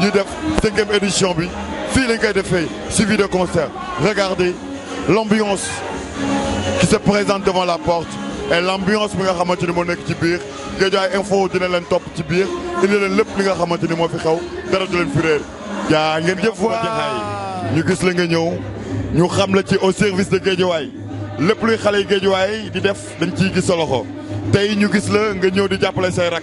ñu def 5e édition bi fii lañ koy defee suivi de concert regardez l'ambiance qui se présente devant la porte et l'ambiance bi nga xamanteni mo nek ci biir Guédiawaye info dina leen top ci biir indi leen lepp li nga xamanteni ni moo fi xew dara du leen fi réer jaa ngeen jëf wa ñu gis la nga ñew ñu xam la ci au service de Guédiawaye lepp luy xalé yi Guédiawaye di def dañ ci gis sa loxo tay ñu gis la nga ñew di jappalé say rak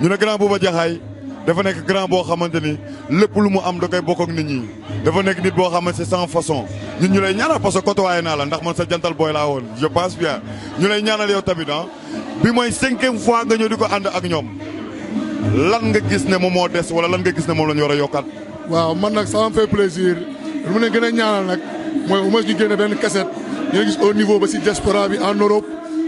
ñu ne grand Bouba Jaxaay dafa nekk grand boo xamante ni lépp lu mu am da koy bokk ak nit ñi dafa nekk nit boo xamante c'est san façon ñun ñu lay ñaanal parce que côtoyé naa la ndax man sa jantal booy laa woon je pense bien ñu lay ñaanal yow tamit ah bi mooy cinquième fois nga ñëw di ko ànd ak ñoom lan nga gis ne moom moo des wala lan nga gis ne moom la ñu war a yokkaat. waaw man nag ça me fait lu mu ne gën a ñaanal nag mooy au moins ñu génne benn cassette ñu gis au niveau ba si diaspora bi en Europe.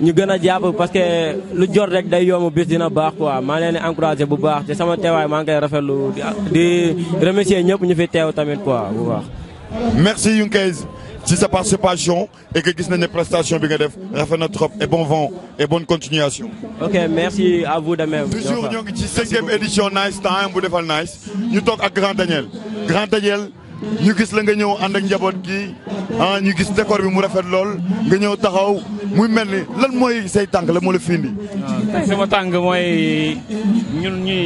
ñu gën a parce que lu jot rek day yomb bis dina baax quoi maa leen di encouragé bu baax te sama teewaay maa ngi koy rafetlu di remercier ñëpp ñu fi teew tamit quoi bu baax. merci Younguez ci sa participation et que gis nañ ne prestation bi nga def rafet na trop et bon vent et bonne continuation. ok merci à vous de même. toujours ñoo ngi ci cinquième édition Nice Time bu defal Nice ñu toog ak Grand Daniel Grand Daniel. ñu gis la nga ñëw ànd ak njaboot gi ah ñu gis décor bi mu rafet lool nga ñëw taxaw mu mel ni lan mooy say tànk la moo la fi indi. Ah, sama tànk mooy ñun ñi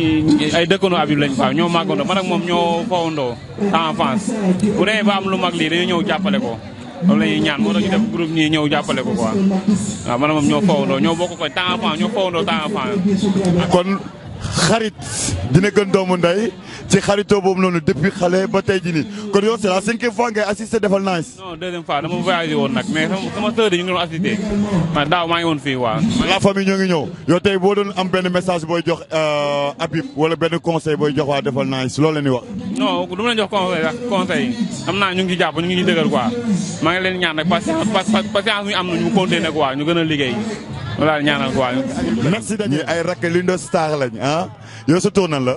ay dëkkandoo Habib lañ faaw ñoo màggandoo man ak moom ñoo fawandoo en France bu demee ba am lu mag lii dañu ñëw jàppale ko. loolu la ñuy ñaan moo tax ñu def groupe ñii ñëw jàppale ko quoi waaw ah, man moom ñoo fawandoo ñoo bokk koy temps enfant ñoo fawandoo temps enfant. kon xarit dina gën doomu ndey. ci xaritoo boobu noonu depuis xale ba tey jii nii kon yow c'est la cinquième ngay assister defal nice. non deuxième fois dama voyagé woon nag mais sama sœur ñu ngi doon assister man daaw maa ngi woon fii waaw. la famille ñoo ngi ñëw yow tey boo doon am benn message booy jox euh, Habib wala benn conseil booy jox waa defal nice loolu la wax. non du leen jox conseil sax ah, conseil xam naa ñu ngi ci jàpp ñu ngi dëgër quoi maa ngi leen ñaan nag patience patience ñu am na ñu continuer ah. sa la.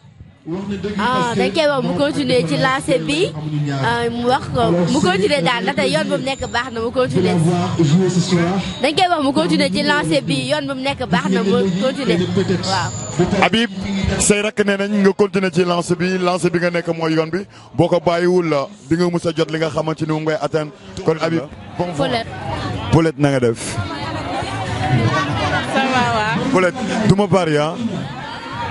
ah dañ koy wax mu continuer ci lancé bi ah, mu wax mu continuer daal ndaxte yoon bu mu nekk baax na mu continuer dañ koy wax mu continuer ci lancé bi yoon bu mu nekk baax na mu continuer Habib say rakk nee nga continuer ci lancé bi lancé bi nga nekk mooy yoon bi boo ko bàyyiwul la di nga mus jot li nga xamante ni mu ngay atteindre kon Habib. bon Paulette Paulette def. ça va waaw. Paulette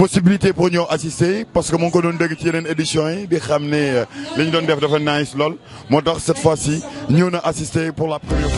possibilité pour nous assister parce que mon collègue ko une édition ci hein, ramener éditions euh, de nice lol cette fois-ci nous na assister pour la première